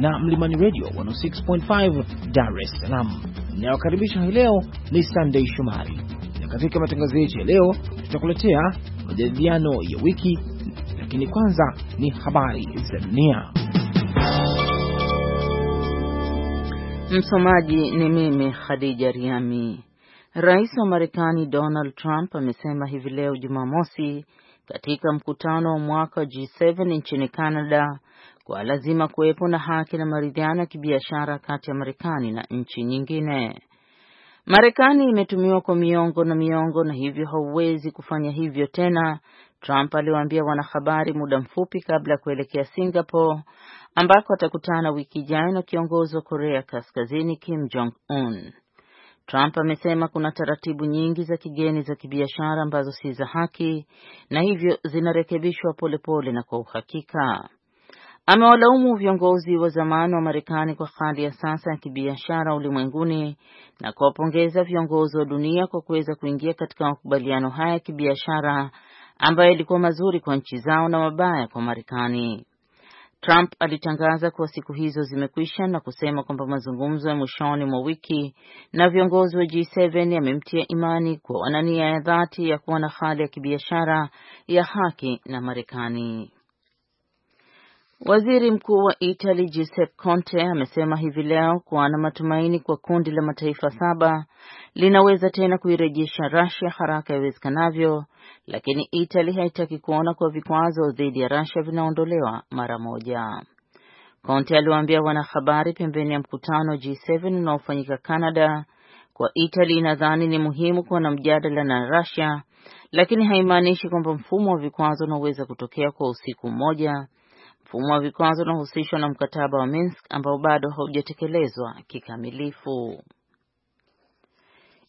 na Mlimani Radio 106.5 Dar es Salaam. Inayokaribisha hii leo ni Sunday Shomari, na katika matangazo yetu ya leo tutakuletea majadiliano ya wiki, lakini kwanza ni habari za dunia. Msomaji ni mimi Khadija Riami. Rais wa Marekani Donald Trump amesema hivi leo Jumamosi katika mkutano wa mwaka G7 nchini Canada kwa lazima kuwepo na haki na maridhiano ya kibiashara kati ya Marekani na nchi nyingine. Marekani imetumiwa kwa miongo na miongo na hivyo hauwezi kufanya hivyo tena, Trump aliwaambia wanahabari muda mfupi kabla ya kuelekea Singapore ambako atakutana wiki ijayo na kiongozi wa Korea Kaskazini Kim Jong Un. Trump amesema kuna taratibu nyingi za kigeni za kibiashara ambazo si za haki na hivyo zinarekebishwa polepole na kwa uhakika. Amewalaumu viongozi wa zamani wa Marekani kwa hali ya sasa ya kibiashara ulimwenguni na kuwapongeza viongozi wa dunia kwa kuweza kuingia katika makubaliano haya ya kibiashara ambayo yalikuwa mazuri kwa nchi zao na mabaya kwa Marekani. Trump alitangaza kuwa siku hizo zimekwisha na kusema kwamba mazungumzo ya mwishoni mwa wiki na viongozi wa G7 yamemtia imani kuwa wana nia ya dhati ya kuwa na hali ya kibiashara ya haki na Marekani. Waziri Mkuu wa Italy Giuseppe Conte amesema hivi leo kuwa ana matumaini kwa kundi la mataifa saba linaweza tena kuirejesha Russia haraka iwezekanavyo, lakini Italy haitaki kuona kuwa vikwazo dhidi ya Russia vinaondolewa mara moja. Conte aliwaambia wanahabari pembeni ya mkutano G7 unaofanyika Canada kwa Italy inadhani ni muhimu kuwa na mjadala na Russia, lakini haimaanishi kwamba mfumo wa vikwazo unaweza kutokea kwa usiku mmoja Mfumo wa vikwazo unahusishwa na mkataba wa Minsk ambao bado haujatekelezwa kikamilifu.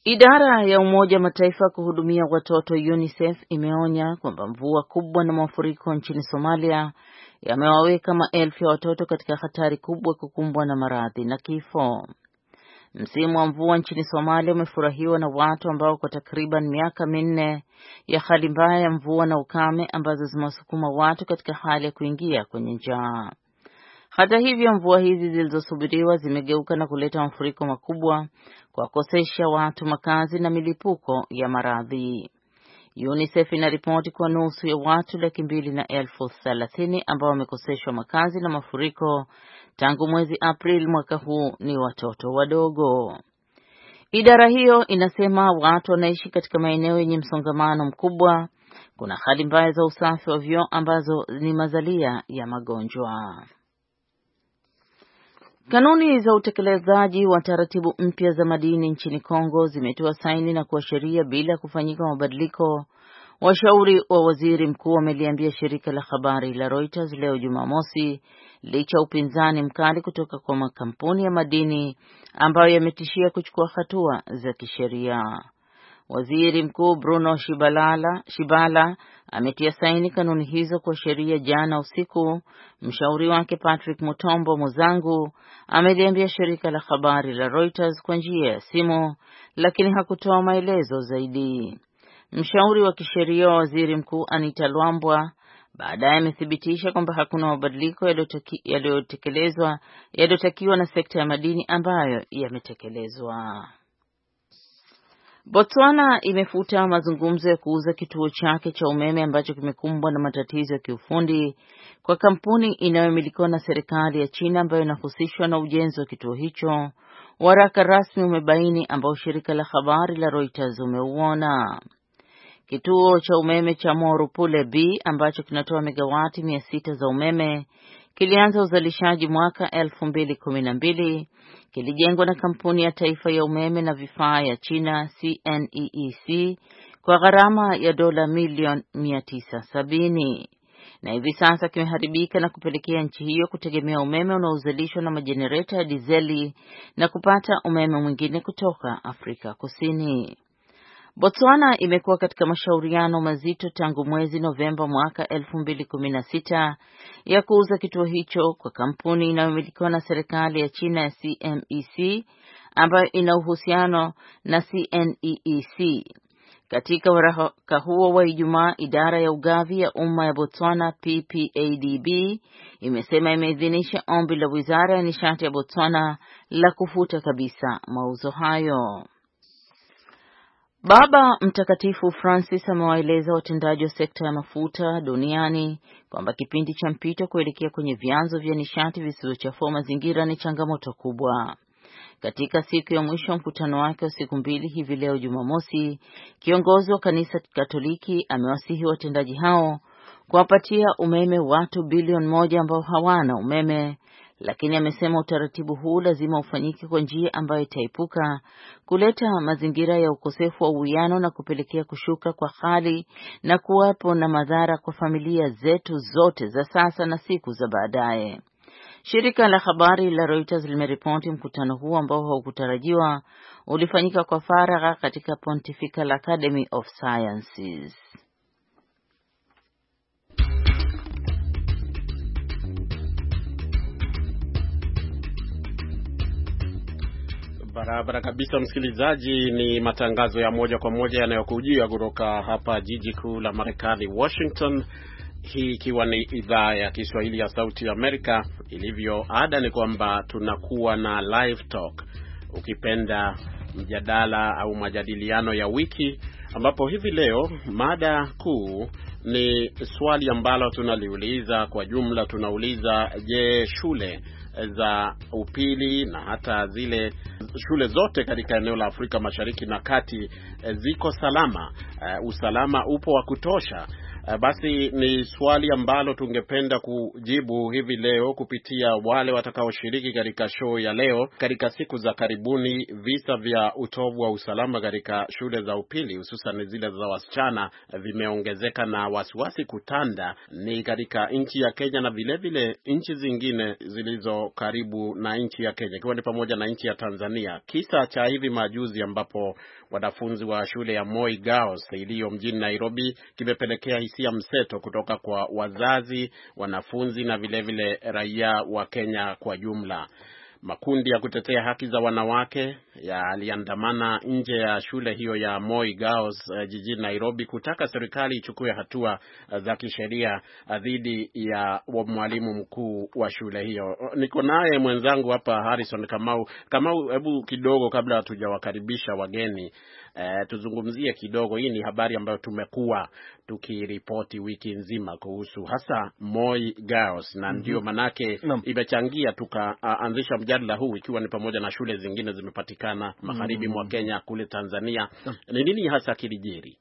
Idara ya Umoja wa Mataifa kuhudumia watoto UNICEF imeonya kwamba mvua kubwa na mafuriko nchini Somalia yamewaweka maelfu ya watoto katika hatari kubwa kukumbwa na maradhi na kifo. Msimu wa mvua nchini Somalia umefurahiwa na watu ambao kwa takriban miaka minne ya hali mbaya ya mvua na ukame ambazo zimewasukuma watu katika hali ya kuingia kwenye njaa. Hata hivyo, mvua hizi zilizosubiriwa zimegeuka na kuleta mafuriko makubwa kuwakosesha watu makazi na milipuko ya maradhi. UNICEF inaripoti kwa nusu ya watu laki mbili na elfu thelathini ambao wamekoseshwa makazi na mafuriko tangu mwezi Aprili mwaka huu ni watoto wadogo. Idara hiyo inasema watu wanaishi katika maeneo yenye msongamano mkubwa, kuna hali mbaya za usafi wa vyoo ambazo ni mazalia ya magonjwa. Kanuni za utekelezaji wa taratibu mpya za madini nchini Kongo zimetoa saini na kuwa sheria bila kufanyika mabadiliko. Washauri wa waziri mkuu wameliambia shirika la habari la Reuters leo Jumamosi licha ya upinzani mkali kutoka kwa makampuni ya madini ambayo yametishia kuchukua hatua za kisheria. Waziri Mkuu Bruno Shibalala, Shibala ametia saini kanuni hizo kwa sheria jana usiku. Mshauri wake Patrick Mutombo Muzangu ameliambia shirika la habari la Reuters kwa njia ya simu, lakini hakutoa maelezo zaidi. Mshauri wa kisheria wa Waziri Mkuu Anita Lwambwa baadaye amethibitisha kwamba hakuna mabadiliko yaliyotekelezwa yaliyotakiwa na sekta ya madini ambayo yametekelezwa. Botswana imefuta mazungumzo ya kuuza kituo chake cha umeme ambacho kimekumbwa na matatizo ya kiufundi kwa kampuni inayomilikiwa na serikali ya China ambayo inahusishwa na ujenzi wa kituo hicho, waraka rasmi umebaini ambao shirika la habari la Reuters umeuona. Kituo cha umeme cha Morupule B ambacho kinatoa megawati mia sita za umeme kilianza uzalishaji mwaka elfu mbili kumi na mbili. Kilijengwa na kampuni ya taifa ya umeme na vifaa ya China CNEEC e e kwa gharama ya dola milioni mia tisa sabini na hivi sasa kimeharibika na kupelekea nchi hiyo kutegemea umeme unaozalishwa na majenereta ya dizeli na kupata umeme mwingine kutoka Afrika Kusini. Botswana imekuwa katika mashauriano mazito tangu mwezi Novemba mwaka 2016 ya kuuza kituo hicho kwa kampuni inayomilikiwa na serikali ya China ya CMEC e ambayo ina uhusiano na CNEEC. E e katika waraka huo wa Ijumaa, idara ya ugavi ya umma ya Botswana PPADB imesema imeidhinisha ombi la Wizara ya Nishati ya Botswana la kufuta kabisa mauzo hayo. Baba Mtakatifu Francis amewaeleza watendaji wa sekta ya mafuta duniani kwamba kipindi cha mpito kuelekea kwenye vyanzo vya nishati visivyochafua mazingira ni changamoto kubwa. Katika siku ya mwisho mkutano wake wa siku mbili hivi leo Jumamosi, kiongozi wa kanisa Katoliki amewasihi watendaji hao kuwapatia umeme watu bilioni moja ambao hawana umeme lakini amesema utaratibu huu lazima ufanyike kwa njia ambayo itaepuka kuleta mazingira ya ukosefu wa uwiano na kupelekea kushuka kwa hali na kuwapo na madhara kwa familia zetu zote za sasa na siku za baadaye. Shirika la habari la Reuters limeripoti mkutano huo ambao haukutarajiwa ulifanyika kwa faragha katika Pontifical Academy of Sciences. Barabara kabisa, msikilizaji. Ni matangazo ya moja kwa moja yanayokujia kutoka hapa jiji kuu la Marekani, Washington. Hii ikiwa ni idhaa ya Kiswahili ya Sauti ya Amerika. Ilivyo ada, ni kwamba tunakuwa na live talk, ukipenda mjadala au majadiliano ya wiki, ambapo hivi leo mada kuu ni swali ambalo tunaliuliza kwa jumla, tunauliza je, shule za upili na hata zile shule zote katika eneo la Afrika Mashariki na Kati eh, ziko salama. Uh, usalama upo wa kutosha Eh, basi ni swali ambalo tungependa kujibu hivi leo kupitia wale watakaoshiriki katika show ya leo. Katika siku za karibuni, visa vya utovu wa usalama katika shule za upili hususan zile za wasichana vimeongezeka na wasiwasi kutanda ni katika nchi ya Kenya na vilevile nchi zingine zilizo karibu na nchi ya Kenya, ikiwa ni pamoja na nchi ya Tanzania. Kisa cha hivi majuzi ambapo wanafunzi wa shule ya Moi Girls iliyo mjini Nairobi kimepelekea hisia mseto kutoka kwa wazazi, wanafunzi na vilevile raia wa Kenya kwa jumla. Makundi ya kutetea haki za wanawake yaliandamana nje ya shule hiyo ya Moi Girls uh, jijini Nairobi kutaka serikali ichukue hatua uh, za kisheria eh, dhidi uh, ya mwalimu mkuu wa shule hiyo. Niko naye mwenzangu hapa Harrison Kamau. Kamau, hebu kidogo, kabla hatujawakaribisha wageni uh, tuzungumzie kidogo, hii ni habari ambayo tumekuwa tukiripoti wiki nzima kuhusu hasa Moi Girls na mm -hmm. Ndio manake mm imechangia tukaanzisha uh, mjadala huu, ikiwa ni pamoja na shule zingine zimepatikana magharibi mm mwa Kenya, kule Tanzania ni nini hasa kilijiri?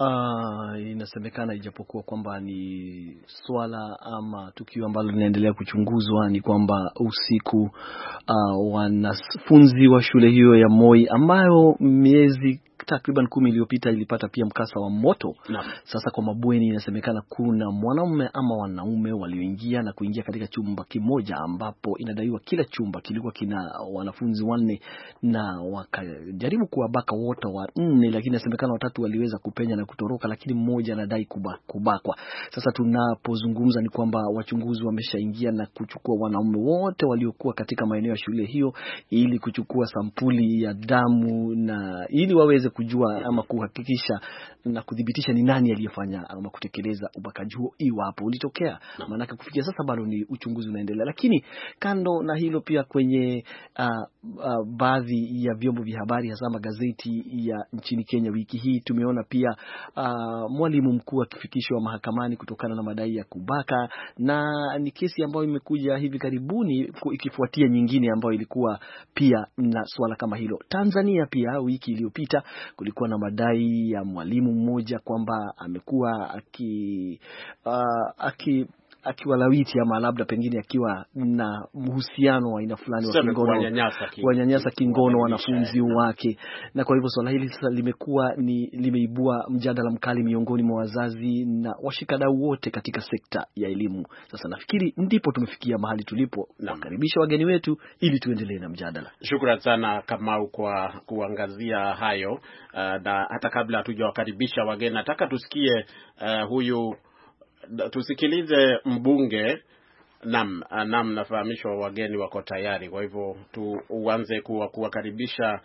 Uh, inasemekana ijapokuwa kwamba ni swala ama tukio ambalo linaendelea kuchunguzwa, ni kwamba usiku, uh, wanafunzi wa shule hiyo ya Moi ambayo miezi takriban kumi iliyopita ilipata pia mkasa wa moto na. Sasa kwa mabweni inasemekana kuna mwanaume ama wanaume walioingia na kuingia katika chumba kimoja ambapo inadaiwa kila chumba kilikuwa kina wanafunzi wanne na wakajaribu kuwabaka wote wanne, lakini inasemekana watatu waliweza kupenya na kutoroka, lakini mmoja anadai kubakwa. Sasa tunapozungumza ni kwamba wachunguzi wameshaingia na kuchukua wanaume wote waliokuwa katika maeneo ya shule hiyo ili kuchukua sampuli ya damu na ili waweze kujua ama kuhakikisha na kuthibitisha ni nani aliyefanya ama kutekeleza ubakaji huo, iwapo ulitokea. Maanake kufikia sasa bado ni uchunguzi unaendelea. Lakini kando na hilo, pia kwenye uh, uh, baadhi ya vyombo vya habari hasa magazeti ya nchini Kenya. Wiki hii tumeona pia uh, mwalimu mkuu akifikishwa mahakamani kutokana na madai ya kubaka, na ni kesi ambayo imekuja hivi karibuni ikifuatia nyingine ambayo ilikuwa pia na swala kama hilo. Tanzania pia wiki iliyopita kulikuwa na madai ya mwalimu mmoja kwamba amekuwa aki, uh, aki akiwa lawiti ama labda pengine akiwa na mhusiano wa aina fulani wa kingono, wanyanyasa kingono wanafunzi wake, na kwa hivyo swala hili sasa limekuwa ni limeibua mjadala mkali miongoni mwa wazazi na washikadau wote katika sekta ya elimu. Sasa nafikiri ndipo tumefikia mahali tulipo, na wakaribisha wageni wetu ili tuendelee na mjadala. Shukran sana Kamau kwa kuangazia hayo, uh, na hata kabla hatujawakaribisha wageni, nataka tusikie uh, huyu tusikilize mbunge. nam nam nafahamishwa wageni wako tayari, kwa hivyo tuanze kuwakaribisha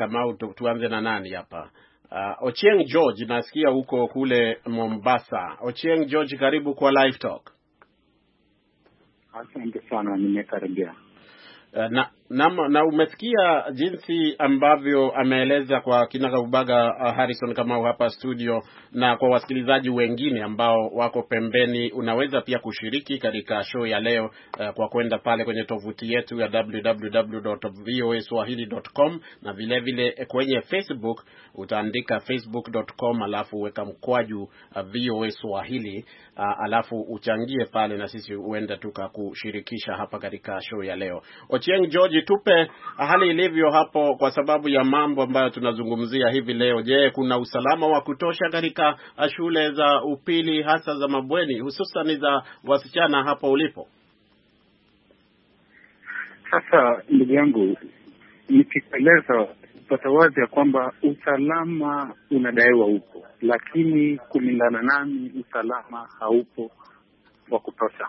uh, tu, tuanze na nani hapa? Uh, Ochieng George, nasikia huko kule Mombasa. Ochieng George, karibu kwa Live Talk. Asante sana, nimekaribia. Uh, na na, na umesikia jinsi ambavyo ameeleza kwa kinagaubaga uh, Harrison Kamau hapa studio, na kwa wasikilizaji wengine ambao wako pembeni, unaweza pia kushiriki katika show ya leo uh, kwa kwenda pale kwenye tovuti yetu ya www.voaswahili.com na vile vile kwenye Facebook utaandika facebook.com alafu uweka mkwaju uh, VOA Swahili uh, alafu uchangie pale, na sisi huenda tukakushirikisha hapa katika show ya leo. Ochieng George tupe hali ilivyo hapo, kwa sababu ya mambo ambayo tunazungumzia hivi leo. Je, kuna usalama wa kutosha katika shule za upili, hasa za mabweni, hususan za wasichana hapo ulipo? Sasa ndugu yangu, nikikueleza pata wazi ya kwamba usalama unadaiwa upo, lakini kulingana nami usalama haupo wa kutosha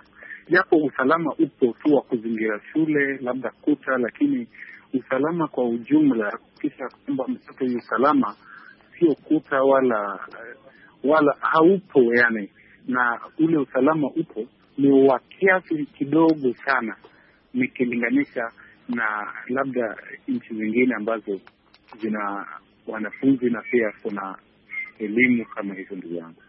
japo usalama upo tu wa kuzingira shule labda kuta, lakini usalama kwa ujumla, kisha kwamba mtoto huyu usalama sio kuta wala wala haupo yani, na ule usalama upo ni wa kiasi kidogo sana nikilinganisha na labda nchi zingine ambazo zina wanafunzi na pia kuna elimu kama hizo. Ndugu yangu,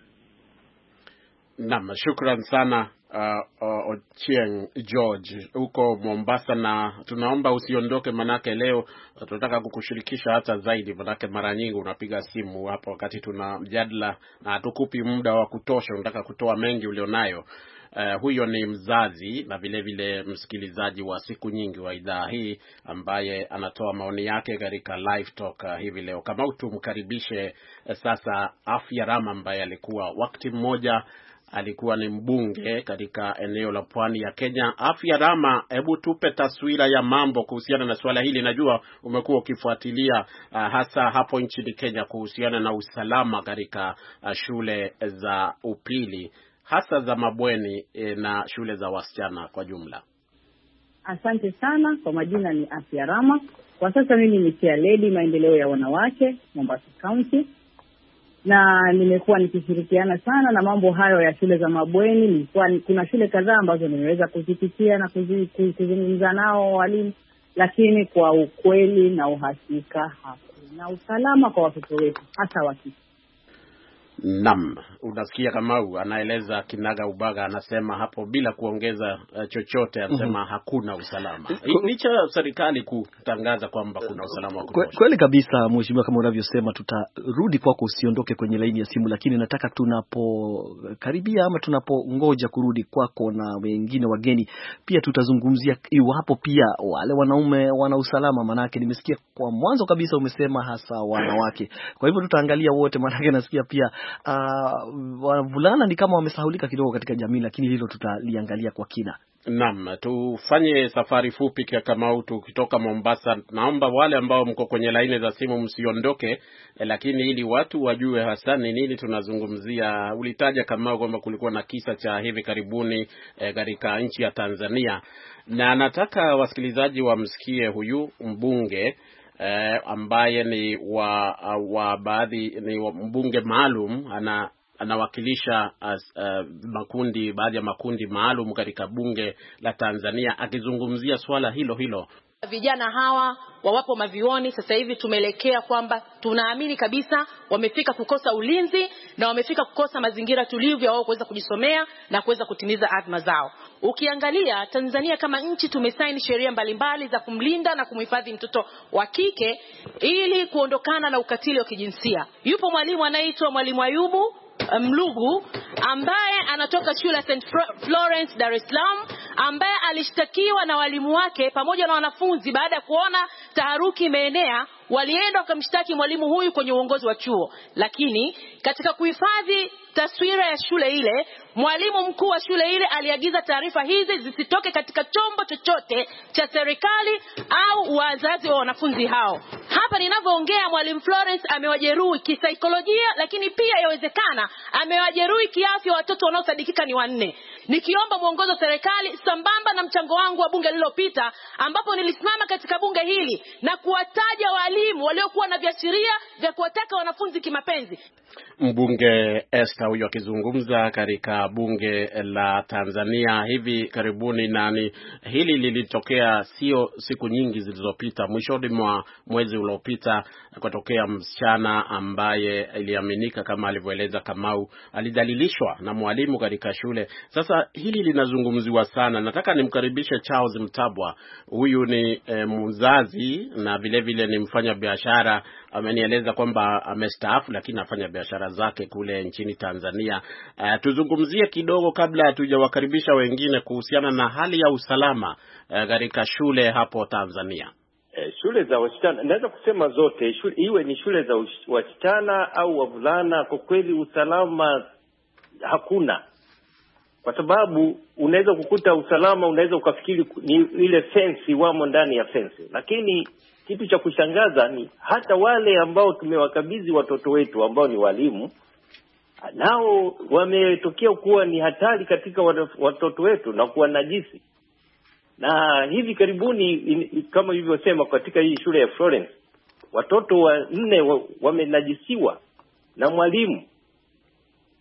naam, shukran sana Uh, uh, Ochieng George huko Mombasa, na tunaomba usiondoke, manake leo tunataka kukushirikisha hata zaidi, manake mara nyingi unapiga simu hapo wakati tuna mjadala na hatukupi muda wa kutosha, unataka kutoa mengi ulionayo. Uh, huyo ni mzazi na vile vile msikilizaji wa siku nyingi wa idhaa hii ambaye anatoa maoni yake katika live talk uh, hivi leo. Kama utumkaribishe uh, sasa Afya Rama ambaye alikuwa wakati mmoja alikuwa ni mbunge katika eneo la pwani ya Kenya. Afya Rama, hebu tupe taswira ya mambo kuhusiana na suala hili. Najua umekuwa ukifuatilia uh, hasa hapo nchini Kenya kuhusiana na usalama katika uh, shule za upili hasa za mabweni e, na shule za wasichana kwa jumla. Asante sana kwa majina, ni Afya Rama. Kwa sasa mimi ni chair lady maendeleo ya wanawake Mombasa County na nimekuwa nikishirikiana sana na mambo hayo ya shule za mabweni. Nilikuwa kuna shule kadhaa ambazo nimeweza kuzipitia na kuzungumza nao walimu, lakini kwa ukweli na uhakika hakuna usalama kwa watoto wetu hasa wa Nam, unasikia Kamau anaeleza kinaga ubaga, anasema hapo bila kuongeza eh, chochote, anasema mm -hmm. hakuna usalama licha ya serikali kutangaza kwamba kuna usalama wa kutosha. Kweli kabisa, mheshimiwa, kama unavyosema, tutarudi kwako, usiondoke kwenye laini ya simu, lakini nataka tunapokaribia ama tunapongoja kurudi kwako na wengine wageni pia tutazungumzia iwapo pia wale wanaume wana usalama, manake nimesikia kwa mwanzo kabisa umesema hasa wanawake, kwa hivyo tutaangalia wote, manake nasikia pia Uh, wavulana ni kama wamesahulika kidogo katika jamii, lakini hilo tutaliangalia kwa kina. Naam, tufanye safari fupi Kamau, kutoka Mombasa. Naomba wale ambao mko kwenye laini za simu msiondoke, eh, lakini ili watu wajue hasa ni nini tunazungumzia. Ulitaja Kamau kwamba kulikuwa na kisa cha hivi karibuni eh, katika e, nchi ya Tanzania, na nataka wasikilizaji wamsikie huyu mbunge eh, ambaye ni wa, wa baadhi ni wa mbunge maalum ana anawakilisha as, uh, makundi baadhi ya makundi maalum katika bunge la Tanzania akizungumzia swala hilo hilo vijana hawa wawapo mavioni sasa hivi, tumeelekea kwamba tunaamini kabisa wamefika kukosa ulinzi na wamefika kukosa mazingira tulivyo wao kuweza kujisomea na kuweza kutimiza azma zao. Ukiangalia Tanzania kama nchi, tumesaini sheria mbalimbali za kumlinda na kumhifadhi mtoto wa kike ili kuondokana na ukatili wa kijinsia. Yupo mwalimu anayeitwa Mwalimu Ayubu Eh, Mlugu ambaye anatoka shule ya St Florence Dar es Salaam, ambaye alishtakiwa na walimu wake pamoja na wanafunzi. Baada ya kuona taharuki imeenea, walienda wakamshtaki mwalimu huyu kwenye uongozi wa chuo, lakini katika kuhifadhi taswira ya shule ile, mwalimu mkuu wa shule ile aliagiza taarifa hizi zisitoke katika chombo chochote cha serikali au wazazi wa wanafunzi hao. Hapa ninavyoongea mwalimu Florence amewajeruhi kisaikolojia, lakini pia yawezekana amewajeruhi kiafya watoto wanaosadikika ni wanne nikiomba mwongozo wa serikali sambamba na mchango wangu wa bunge lililopita ambapo nilisimama katika bunge hili na kuwataja waalimu waliokuwa na viashiria vya kuwataka wanafunzi kimapenzi. Mbunge Esther huyo akizungumza katika bunge la Tanzania hivi karibuni, na ni hili lilitokea sio siku nyingi zilizopita, mwishoni mwa mwezi uliopita, kutokea msichana ambaye iliaminika kama alivyoeleza Kamau alidhalilishwa na mwalimu katika shule. Sasa sasa hili linazungumziwa sana. Nataka nimkaribishe Charles Mtabwa, huyu ni e, mzazi na vile vile ni mfanya biashara. Amenieleza kwamba amestaafu, lakini afanya biashara zake kule nchini Tanzania. E, tuzungumzie kidogo kabla hatujawakaribisha wengine kuhusiana na hali ya usalama eh, katika e, shule hapo Tanzania. E, shule za wasichana naweza kusema zote shule, iwe ni shule za wasichana au wavulana, kwa kweli usalama hakuna kwa sababu unaweza kukuta usalama, unaweza ukafikiri ni ile fensi, wamo ndani ya fensi. Lakini kitu cha kushangaza ni hata wale ambao tumewakabidhi watoto wetu ambao ni walimu, nao wametokea kuwa ni hatari katika watoto wetu na kuwa najisi. Na hivi karibuni in, kama ilivyosema katika hii shule ya Florence, watoto wanne wamenajisiwa na mwalimu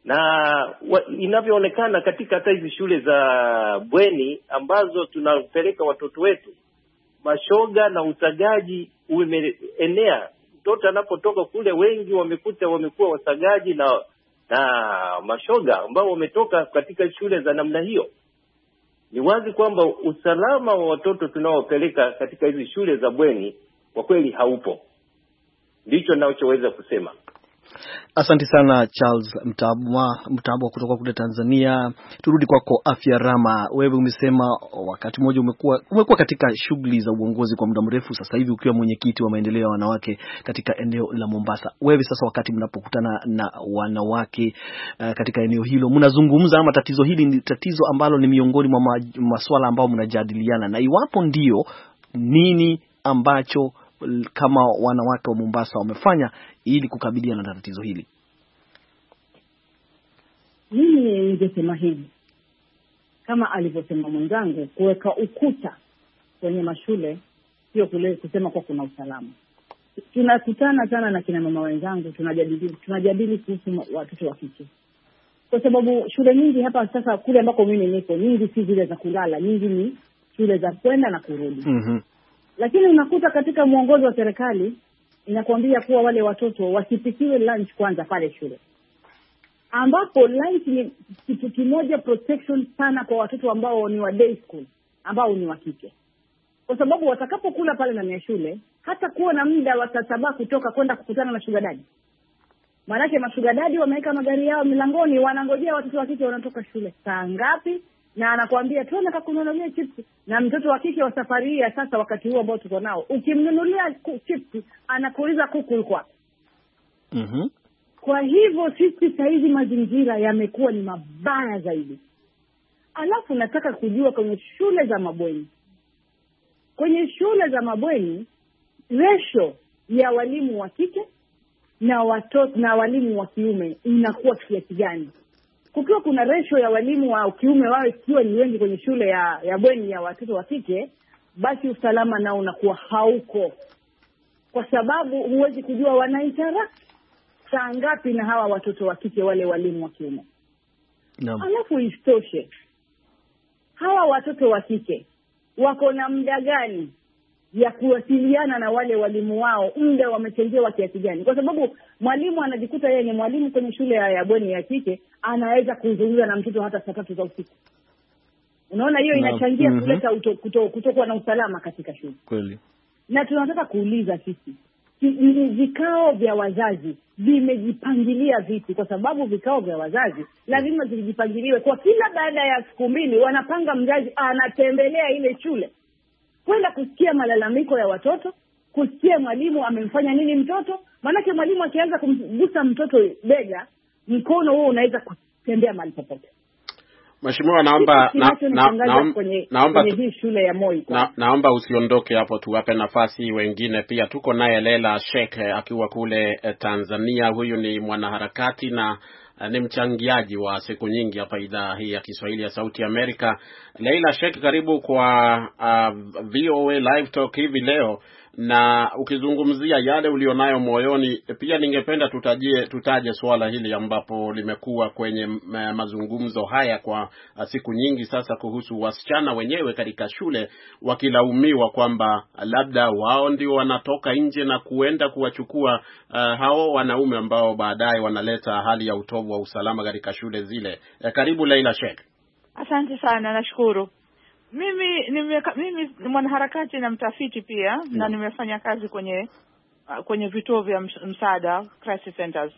na inavyoonekana katika hata hizi shule za bweni ambazo tunapeleka watoto wetu, mashoga na usagaji umeenea. Mtoto anapotoka kule, wengi wamekuta wamekuwa wasagaji na na mashoga ambao wametoka katika shule za namna hiyo. Ni wazi kwamba usalama wa watoto tunaopeleka katika hizi shule za bweni kwa kweli haupo, ndicho nachoweza kusema. Asante sana Charles Mtabwa, Mtabwa kutoka kule Tanzania. Turudi kwako Afya Rama, wewe umesema wakati mmoja umekuwa umekuwa katika shughuli za uongozi kwa muda mrefu, sasa hivi ukiwa mwenyekiti wa maendeleo ya wanawake katika eneo la Mombasa. Wewe sasa, wakati mnapokutana na wanawake uh, katika eneo hilo, mnazungumza ama tatizo hili ni tatizo ambalo ni miongoni mwa maswala ambayo mnajadiliana, na iwapo ndio, nini ambacho kama wanawake wa Mombasa wamefanya ili kukabiliana na tatizo hili? Mimi ningesema hivi kama alivyosema mwenzangu, kuweka ukuta kwenye mashule sio kusema kuwa kuna usalama. Tunakutana sana na kina mama wenzangu, tunajadili tunajadili kuhusu watoto wa kike, kwa sababu shule nyingi hapa sasa, kule ambako mimi niko, nyingi si zile za kulala, nyingi ni shule za kwenda na kurudi. mm -hmm. Lakini unakuta katika mwongozo wa serikali inakuambia kuwa wale watoto wasipikiwe lunch kwanza pale shule, ambapo lunch ni kitu kimoja protection sana kwa watoto ambao ni wa day school ambao ni wa kike, kwa sababu watakapokula pale ndani ya shule hata kuwa na muda saba kutoka kwenda kukutana na shugadadi maanake mashugadadi wameweka magari yao milangoni, wanangojea watoto wa kike wanatoka shule saa ngapi, na anakuambia tuende kakununulia chipsi. Na mtoto wa kike wa safari hii ya sasa, wakati huu ambao tuko nao, ukimnunulia chipsi anakuuliza kuku yuko wapi? mm -hmm. Kwa hivyo sisi sahizi mazingira yamekuwa ni mabaya zaidi, alafu nataka kujua kwenye shule za mabweni, kwenye shule za mabweni resho ya walimu wa kike na watoto na walimu wa kiume inakuwa kiasi gani? kukiwa kuna resho ya walimu wa kiume wao ikiwa ni wengi kwenye shule ya ya bweni ya watoto wa kike, basi usalama nao unakuwa hauko, kwa sababu huwezi kujua wanaitara saa ngapi na hawa watoto wa kike wale walimu wa kiume. Alafu isitoshe hawa watoto wa kike wako na muda gani ya kuwasiliana na wale walimu wao muda wametengewa kiasi gani, kwa sababu mwalimu anajikuta yeye ni mwalimu kwenye shule ya bweni ya kike, anaweza kuzungumza na mtoto hata saa tatu za usiku. Unaona, hiyo inachangia mm -hmm. kuleta kutokuwa kuto na usalama katika shule kweli. Na tunataka kuuliza sisi vikao vya wazazi vimejipangilia vipi? Kwa sababu vikao vya wazazi lazima vijipangiliwe kwa kila baada ya siku mbili, wanapanga mzazi anatembelea ile shule kwenda kusikia malalamiko ya watoto, kusikia mwalimu amemfanya nini mtoto. Maanake mwalimu akianza kumgusa mtoto bega, mkono huo unaweza kutembea mahali popote. Mheshimiwa, naomba na, na, naomba, naomba, hii shule ya Moi na, naomba usiondoke hapo, tuwape nafasi wengine pia. Tuko naye Lela Sheikh eh, akiwa kule eh, Tanzania. Huyu ni mwanaharakati na Ah, ni mchangiaji wa siku nyingi hapa idhaa hii ya Kiswahili ya Sauti ya Amerika. Leila Sheikh, karibu kwa uh, VOA Live Talk hivi leo na ukizungumzia yale ulionayo moyoni, pia ningependa tutajie, tutaje suala hili ambapo limekuwa kwenye eh, mazungumzo haya kwa eh, siku nyingi sasa, kuhusu wasichana wenyewe katika shule wakilaumiwa kwamba labda wao ndio wanatoka nje na kuenda kuwachukua uh, hao wanaume ambao baadaye wanaleta hali ya utovu wa usalama katika shule zile. karibu Leila Sheikh. Asante sana, nashukuru. Mimi nime, mimi ni mwanaharakati na mtafiti pia hmm. na nimefanya kazi kwenye ah, kwenye vituo vya msaada crisis centers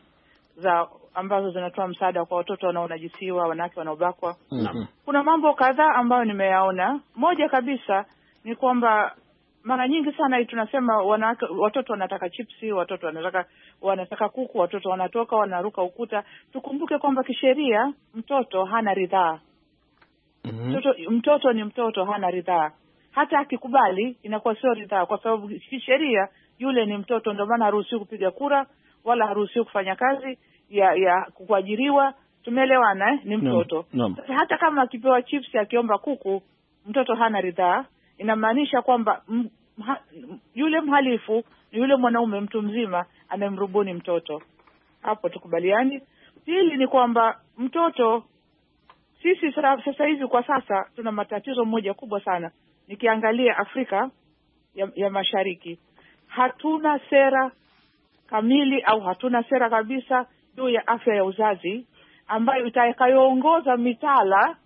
za ambazo zinatoa msaada kwa watoto wanaonajisiwa, wanawake wanaobakwa. mm -hmm. Kuna mambo kadhaa ambayo nimeyaona. Moja kabisa ni kwamba mara nyingi sana tunasema wanawake, watoto wanataka chipsi, watoto wanataka wanataka kuku, watoto wanatoka wanaruka ukuta. Tukumbuke kwamba kisheria mtoto hana ridhaa mm-hmm. Mtoto, mtoto ni mtoto, hana ridhaa. Hata akikubali inakuwa sio ridhaa, kwa sababu kisheria yule ni mtoto. Ndio maana haruhusiwi kupiga kura wala haruhusiwi kufanya kazi ya ya kuajiriwa. Tumeelewana eh? Ni mtoto no, no. Hata kama akipewa chips, akiomba kuku, mtoto hana ridhaa, inamaanisha kwamba yule mhalifu ni yule mwanaume mtu mzima anayemrubuni mtoto. Hapo tukubaliani. Pili ni kwamba mtoto sisi sasa hivi kwa sasa tuna matatizo moja kubwa sana, nikiangalia Afrika ya, ya Mashariki hatuna sera kamili au hatuna sera kabisa juu ya afya ya uzazi ambayo itakayoongoza mitaala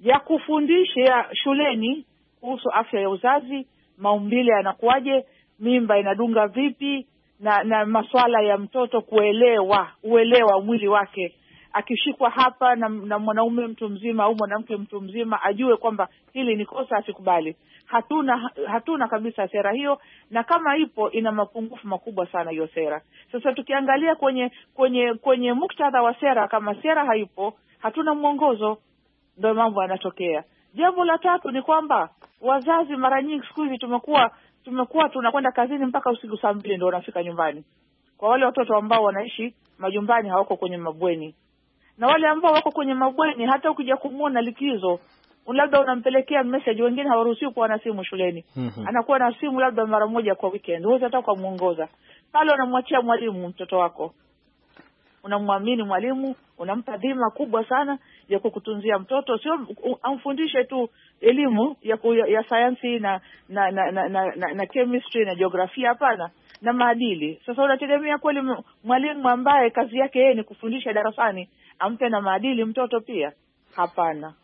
ya kufundisha shuleni kuhusu afya ya uzazi, maumbile yanakuwaje, mimba inadunga vipi, na na masuala ya mtoto kuelewa uelewa mwili wake akishikwa hapa na, na mwanaume mtu mzima au mwanamke mtu mzima ajue kwamba hili ni kosa, asikubali. Hatuna hatuna kabisa sera hiyo, na kama ipo ina mapungufu makubwa sana hiyo sera. Sasa tukiangalia kwenye kwenye kwenye muktadha wa sera, kama sera haipo, hatuna mwongozo, ndo mambo yanatokea. Jambo la tatu ni kwamba wazazi mara nyingi siku hizi tumekuwa tumekuwa tunakwenda kazini mpaka usiku saa mbili ndo wanafika nyumbani. Kwa wale watoto ambao wanaishi majumbani hawako kwenye mabweni, na wale ambao wako kwenye mabweni, hata ukija kumwona likizo labda unampelekea message. Wengine hawaruhusiwi kuwa na simu shuleni. mm -hmm. Anakuwa na simu labda mara moja kwa weekend, huwezi hata ukamwongoza pale. Unamwachia mwalimu mtoto wako, unamwamini mwalimu, unampa dhima kubwa sana ya kukutunzia mtoto, sio amfundishe tu elimu ya, ku, ya, ya sayansi na na na, na, na, na na chemistry na jiografia, hapana, na maadili. Sasa unategemea kweli mwalimu ambaye kazi yake yeye ni kufundisha darasani ampe na maadili mtoto pia? Hapana.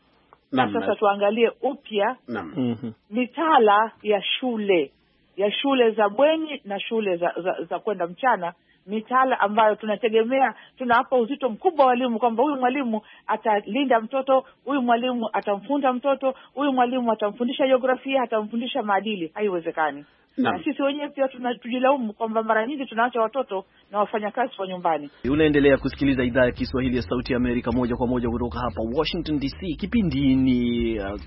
Na sasa tuangalie upya mhm. mitaala ya shule ya shule za bweni na shule za za, za kwenda mchana, mitaala ambayo tunategemea, tunawapa uzito mkubwa walimu, kwamba huyu mwalimu atalinda mtoto, huyu mwalimu atamfunda mtoto, huyu mwalimu atamfundisha jiografia, atamfundisha maadili. Haiwezekani na sisi wenyewe pia tujilaumu kwamba mara nyingi tunaacha watoto na wafanyakazi kwa nyumbani. Unaendelea kusikiliza idhaa ya Kiswahili ya Sauti ya Amerika moja kwa moja kutoka hapa Washington DC. Kipindi ni uh,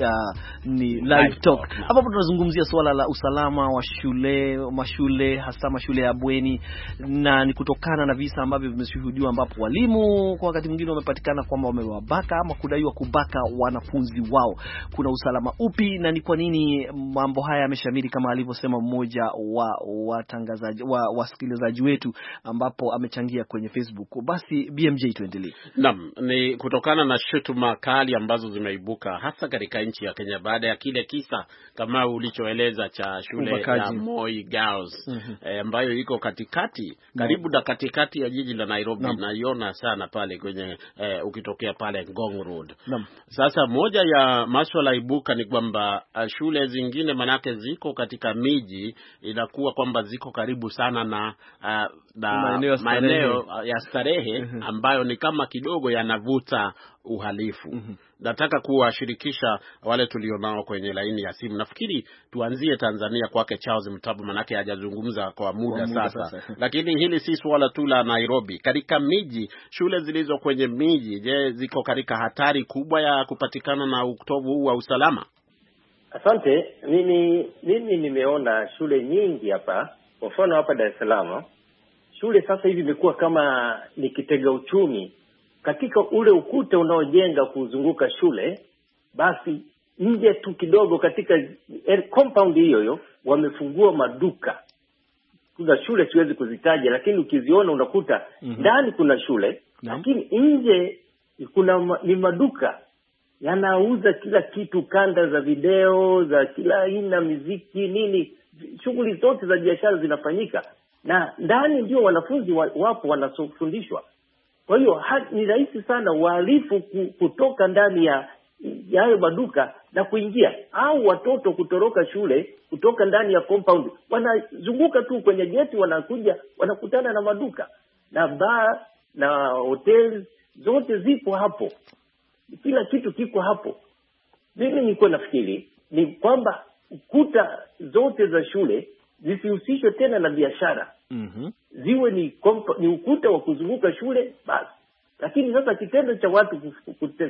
uh, ni live talk ambapo tunazungumzia swala la usalama wa shule mashule hasa mashule ya bweni, na ni kutokana na visa ambavyo vimeshuhudiwa, ambapo walimu kwa wakati mwingine wamepatikana kwamba wamewabaka ama kudaiwa kubaka wanafunzi wao. Kuna usalama upi na ni kwa nini mambo haya yameshamiri, kama alivyosema mmoja wa watangazaji wa wasikilizaji wa wetu, ambapo amechangia kwenye Facebook. Basi BMJ, tuendelee. Naam, ni kutokana na shutuma kali ambazo zimeibuka hasa katika nchi ya Kenya baada ya kile kisa kama ulichoeleza cha shule ya Moi Girls mhm. eh, ambayo mm -hmm. e, iko katikati karibu na katikati ya jiji la Nairobi no. naiona sana pale kwenye e, ukitokea pale Ngong Road Sasa moja ya maswala ibuka ni kwamba eh, shule zingine manake ziko katika miji inakuwa kwamba ziko karibu sana na uh, na maeneo ya starehe mhm. ambayo ni kama kidogo yanavuta uhalifu. Mhm nataka kuwashirikisha wale tulionao kwenye laini ya simu. Nafikiri tuanzie Tanzania kwake Charles Mtabu, manake hajazungumza kwa muda sasa, sasa. Lakini hili si suala tu la Nairobi. Katika miji, shule zilizo kwenye miji, je, ziko katika hatari kubwa ya kupatikana na utovu huu wa usalama? Asante. Mimi mimi nimeona shule nyingi hapa, kwa mfano hapa Dar es Salaam shule sasa hivi imekuwa kama ni kitega uchumi katika ule ukuta unaojenga kuzunguka shule, basi nje tu kidogo katika compound hiyo hiyo wamefungua maduka kuna shule, siwezi kuzitaja, lakini ukiziona unakuta mhm. ndani mm -hmm. kuna shule no. lakini nje kuna ni maduka yanauza kila kitu, kanda za video za kila aina, miziki, nini, shughuli zote za biashara zinafanyika, na ndani ndio wanafunzi wapo wanafundishwa. Kwa hiyo ni rahisi sana wahalifu kutoka ndani ya hayo maduka na kuingia au watoto kutoroka shule kutoka ndani ya compound, wanazunguka tu kwenye geti, wanakuja wanakutana na maduka na baa na hoteli zote zipo hapo, kila kitu kiko hapo. Mimi nilikuwa nafikiri ni kwamba kuta zote za shule zisihusishwe tena na biashara, mm -hmm. ziwe ni kompa, ni ukuta wa kuzunguka shule basi. Lakini sasa kitendo cha watu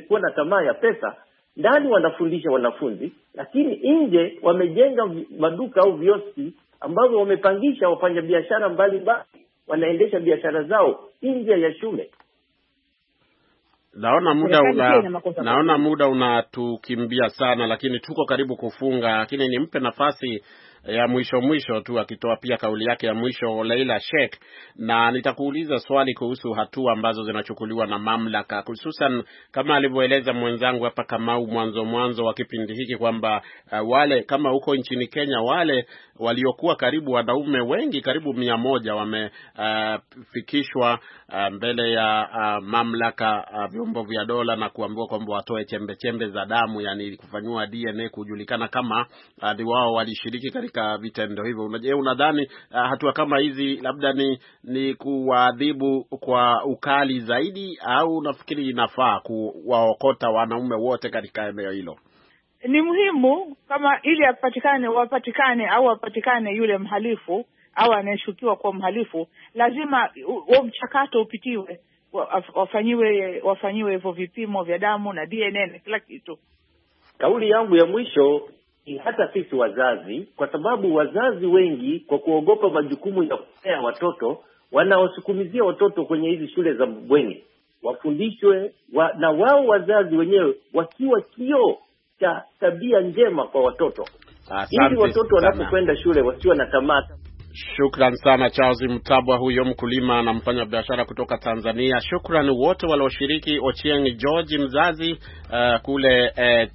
kuwa na tamaa ya pesa, ndani wanafundisha wanafunzi, lakini nje wamejenga maduka au vioski ambazo wamepangisha wafanyabiashara mbalimbali, wanaendesha biashara zao nje ya shule. Naona muda una, naona muda unatukimbia sana, lakini tuko karibu kufunga, lakini nimpe nafasi ya mwisho mwisho tu, akitoa pia kauli yake ya mwisho Leila Sheikh, na nitakuuliza swali kuhusu hatua ambazo zinachukuliwa na mamlaka, hususan kama alivyoeleza mwenzangu hapa Kamau mwanzo mwanzo wa kipindi hiki kwamba uh, wale kama huko nchini Kenya wale waliokuwa karibu wanaume wengi karibu mia moja wamefikishwa uh, uh, mbele ya uh, mamlaka uh, vyombo vya dola na kuambiwa kwamba watoe chembe chembe za damu, yani kufanyiwa DNA kujulikana kama uh, wao walishiriki katika katika vitendo hivyo. Je, unadhani ah, hatua kama hizi labda ni ni kuwaadhibu kwa ukali zaidi, au nafikiri inafaa kuwaokota wanaume wote katika eneo hilo? Ni muhimu kama ili apatikane, wapatikane au wapatikane yule mhalifu au anayeshukiwa kwa mhalifu, lazima huo mchakato upitiwe, wafanyiwe wafanyiwe hivyo vipimo vya damu na DNA na kila kitu. Kauli yangu ya mwisho hata sisi wazazi, kwa sababu wazazi wengi kwa kuogopa majukumu ya kulea watoto wanaosukumizia watoto kwenye hizi shule za bweni wafundishwe wa, na wao wazazi wenyewe wakiwa kioo cha tabia njema kwa watoto, ili watoto wanapokwenda shule wasiwa na tamaa. Shukran sana Charles Mtabwa, huyo mkulima na mfanya biashara kutoka Tanzania. Shukran wote walioshiriki, Ochieng George mzazi uh, kule eh, eh,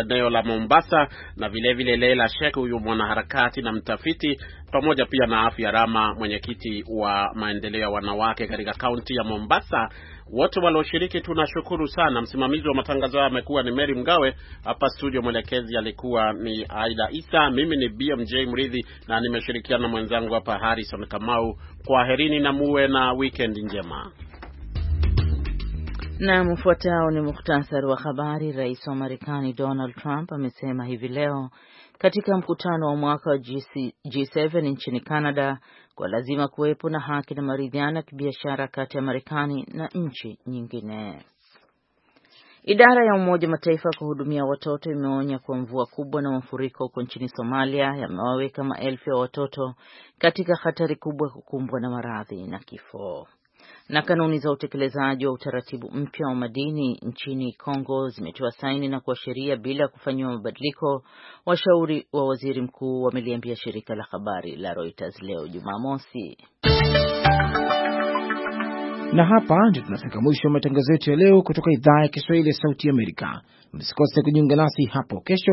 eneo uh, uh, la Mombasa, na vilevile Leila Sheikh, huyu mwanaharakati na mtafiti pamoja pia na Afya Rama, mwenyekiti wa maendeleo ya wanawake katika kaunti ya Mombasa. Wote walioshiriki tunashukuru sana. Msimamizi wa matangazo haya amekuwa ni Mary Mgawe, hapa studio mwelekezi alikuwa ni Aida Isa, mimi ni BMJ Mridhi na nimeshirikiana na mwenzangu hapa Harrison Kamau. Kwaherini na muwe na weekend njema. Nam, ufuatao ni muhtasari wa habari. Rais wa Marekani Donald Trump amesema hivi leo katika mkutano wa mwaka wa G7 nchini Canada kwa lazima kuwepo na haki na maridhiano ya kibiashara kati ya Marekani na nchi nyingine. Idara ya Umoja Mataifa ya kuhudumia watoto imeonya kuwa mvua kubwa na mafuriko huko nchini Somalia yamewaweka maelfu ya watoto katika hatari kubwa ya kukumbwa na maradhi na kifo. Na kanuni za utekelezaji wa utaratibu mpya wa madini nchini Kongo zimetiwa saini na kuwa sheria bila kufanyiwa mabadiliko, washauri wa waziri mkuu wameliambia shirika la habari la Reuters leo Jumamosi. Na hapa ndio tunafika mwisho wa matangazo yetu ya leo kutoka idhaa ya Kiswahili ya Sauti Amerika. Msikose kujiunga nasi hapo kesho